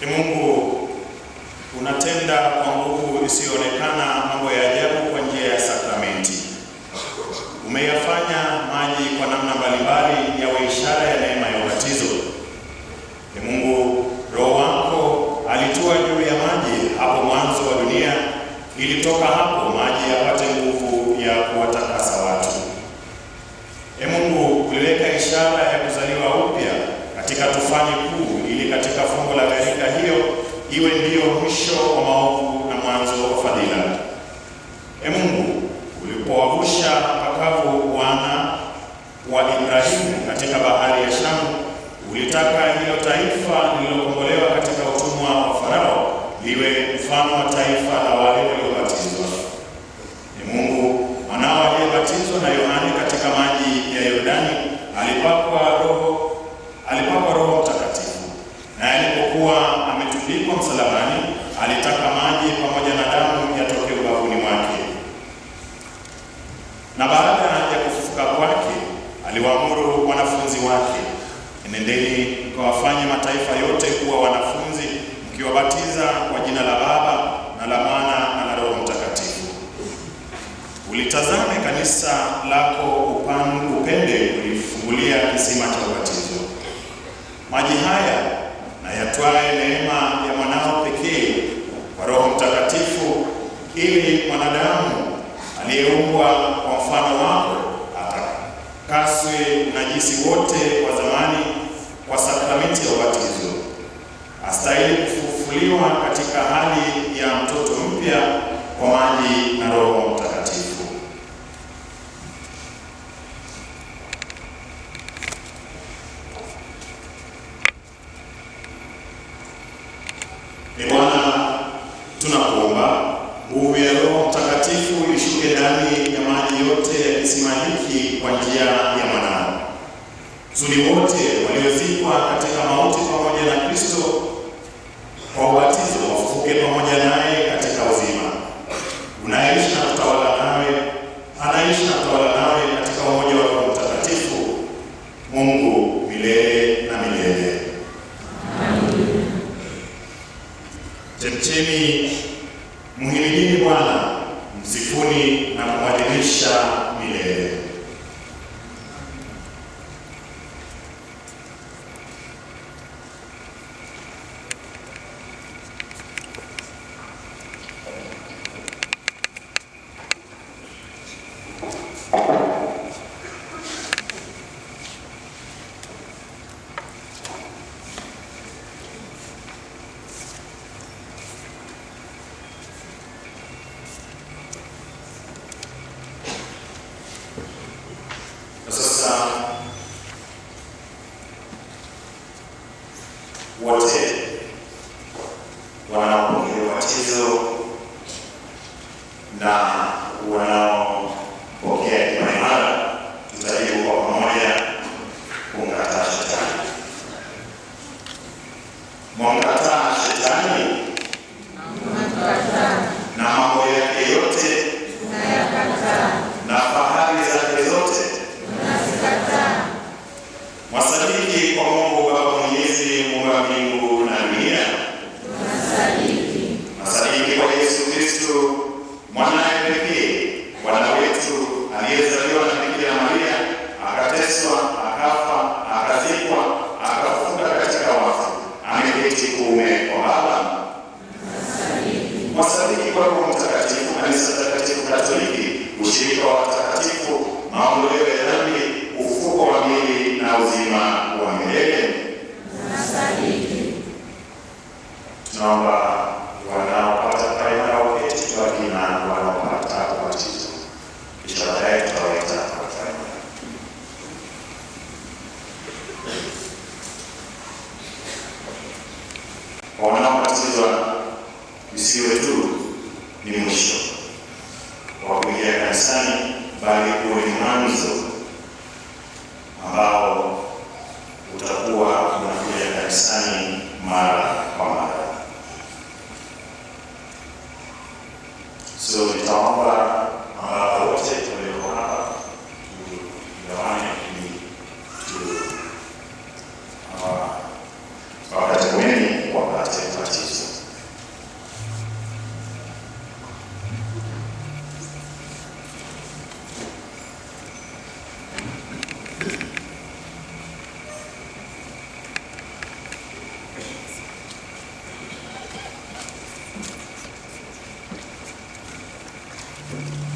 Ni Mungu unatenda kwa nguvu isiyoonekana mambo ya ajabu kwa njia ya sakramenti. Umeyafanya maji kwa namna mbalimbali yawe ishara ya neema ya ubatizo. Ni e Mungu Roho wako alitua juu ya maji hapo mwanzo wa dunia, ilitoka hapo maji yapate nguvu ya kuwatakasa watu. E Mungu, uliweka ishara ya kuzaliwa upya katika tufani kuu katika fungu la gharika hiyo iwe ndiyo mwisho wa maovu na mwanzo wa fadhila. E Mungu, ulipowavusha pakavu wana wa Ibrahimu katika bahari ya Shamu, ulitaka hilo taifa lililokombolewa katika utumwa wa Farao liwe mfano wa taifa la wale waliobatizwa. E Mungu, mwanao aliyebatizwa na Yohani katika maji ya Yordani alipakwa Roho alipakwa Roho msalabani, alitaka maji pamoja na damu yatoke ubavuni mwake, na baada ya kufufuka kwake aliwaamuru wanafunzi wake, enendeni mkawafanye mataifa yote kuwa wanafunzi, mkiwabatiza kwa jina la Baba na la Mwana na la Roho Mtakatifu. Ulitazame kanisa lako upande upende ulifungulia kisima cha ubatizo maji haya na yatwae neema ya mwanao pekee kwa Roho Mtakatifu, ili mwanadamu aliyeumbwa kwa mfano wako atakaswe najisi wote wa zamani kwa sakramenti ya ubatizo, astahili kufufuliwa katika hali ya mtoto mpya kwa maji na Roho Mtakatifu. limesimamiki kwa njia ya mwanao. Zuri wote waliozikwa katika mauti pamoja na Kristo kwa ubatizo wafufuke pamoja na wote wanaopungukiwa tatizo na tunaomba wanaopata primary education wanaopata ubatizo kisha baadaye So about. Thank you.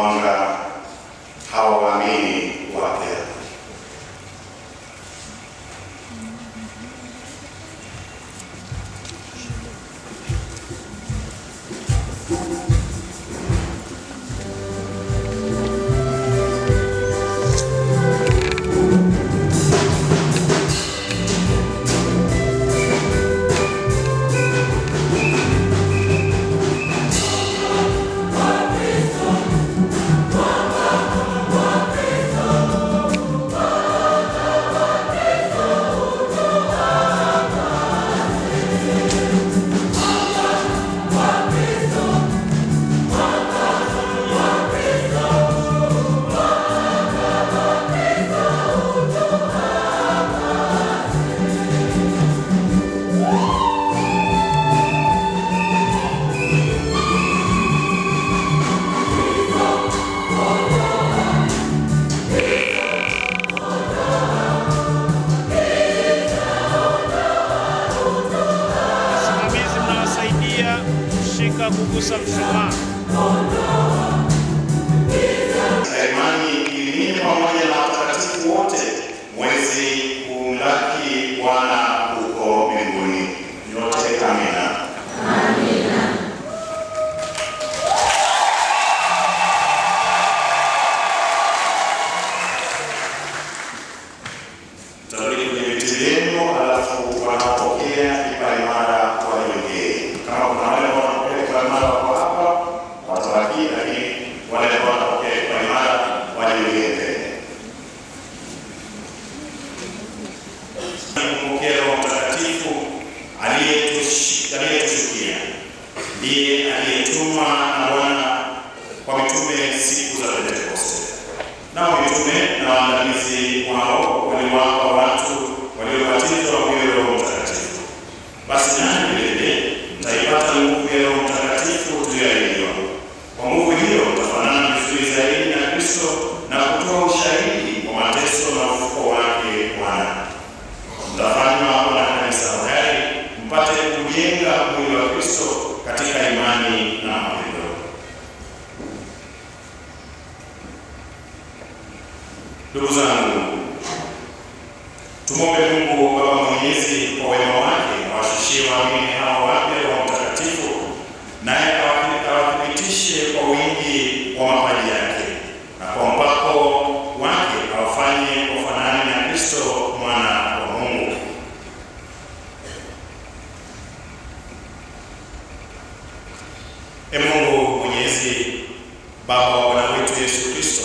among uh, siku za Pentekoste, nao mitume na waandamizi wao waliwapa watu waliobatizwa huyo Roho Mtakatifu. Basi nanyi vilevile mtaipata nguvu ya Roho Mtakatifu juu ya Ndugu zangu, tumwombe Mungu Baba Mwenyezi kwa wema wake awashushie waamini hao wa Mtakatifu, naye awathibitishe kwa wingi wa mapaji yake na kwa mpako wake awafanye wafanane na Kristo mwana wa Mungu. E Mungu Mwenyezi, Baba wa Bwana wetu Yesu Kristo,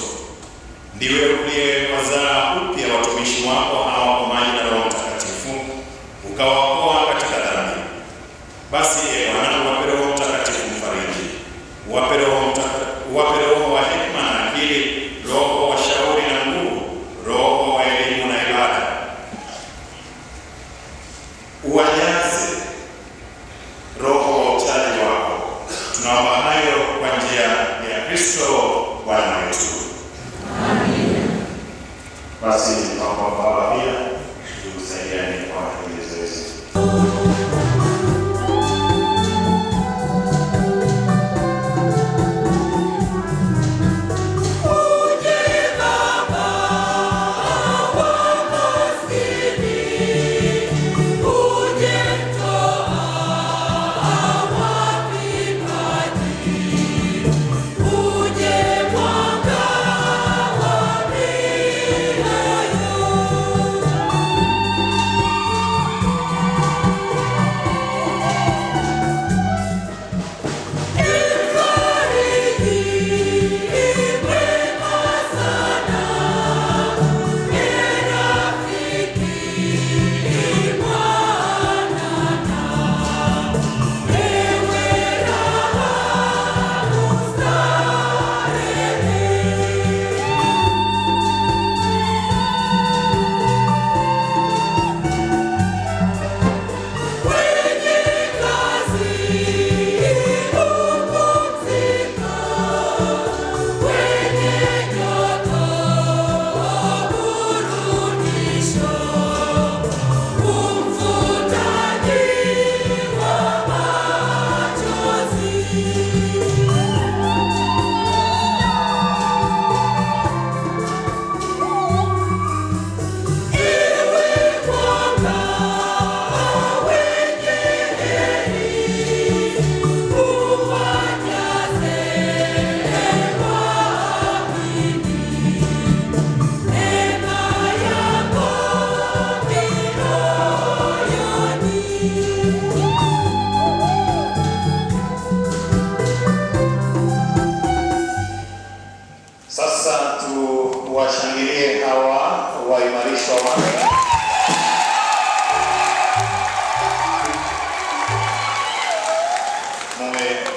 ndiwe uliye kuzaa upya watumishi wako hawa kwa maji na Roho Mtakatifu, ukawaokoa katika dhambi. Basi e Bwana uma palavrinha do Senhor.